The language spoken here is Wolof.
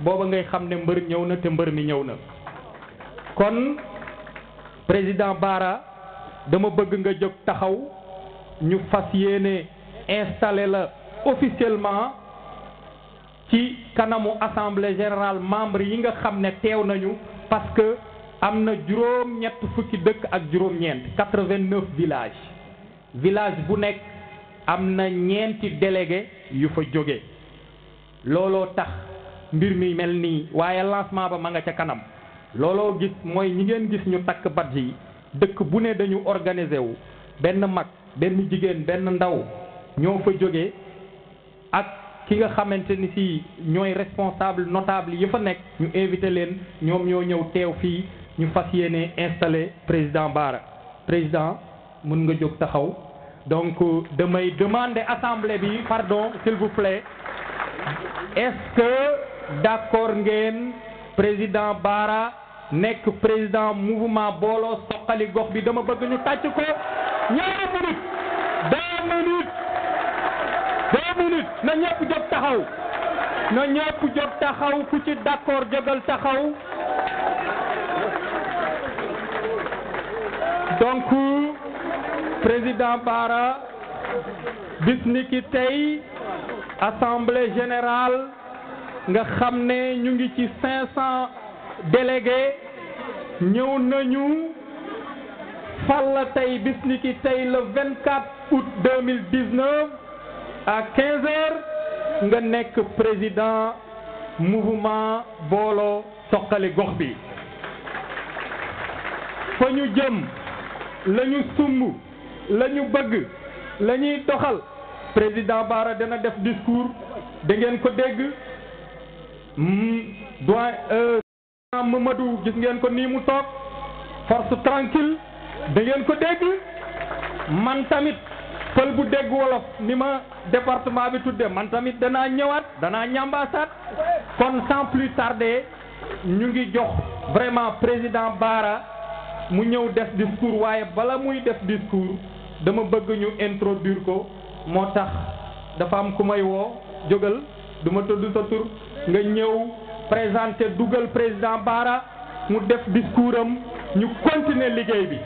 booba ngay xam ne mbër ñëw na te mbër mi ñëw na kon président Bara dama bëgg nga jóg taxaw ñu fas yéene installé la officiellement ci kanamu assemblée générale membre yi nga xam ne teew nañu parce que am na juróom ñett fukki dëkk ak juróom ñeent 89 vingt villages village bu nekk am na ñeenti délégué yu fa jóge looloo tax mbir mi mel nii waaye lancement ba ma nga ca kanam looloo gis mooy ñi ngeen gis ñu takk badge yi dëkk bu ne dañu organiser wu benn mag benn jigéen benn ndaw ñoo fa jóge ak ki nga xamante ni si ñooy responsable notable yi fa nekk ñu invité leen ñoom ñoo ñëw teew fii ñu fas yéene installé président Bara président mën nga jóg taxaw donc damay demander assemblée bi pardon s'il vous plaît est-ce que d'accord ngène président Bara nek président mouvement Bolo Sokali gox bi dama bëgg ñu ko minutes deux minutes deux minutes na ñëpp jóg taxaw na ñëpp jóg taxaw ku ci d'accord jógal taxaw donc président Bara bis assemblée générale nga xam ne ñu ngi ci 500 délégués ñëw nañu fal la tey bis ni ki tey le 24 août 2019 à 15 heures nga nekk président mouvement booloo soqali gox bi fa ñu jëm la ñu sumb la ñu bëgg la ñuy doxal président Bara dana def discours da ko dégg Hmm, doyen eh, Mamadou gis ngeen ko nii mu toog force tranquille da ngeen ko dégg man tamit pël bu dégg wolof ni ma département bi tudde man tamit danaa ñëwaat danaa ñambaasaat kon sans plus tarder ñu ngi jox vraiment président Bara mu ñëw def discours waaye bala muy def discours dama bëgg ñu introduire ko dafa am sa nga ñëw présenter dugal président Bara mu def discoursam ñu continuer liggéey bi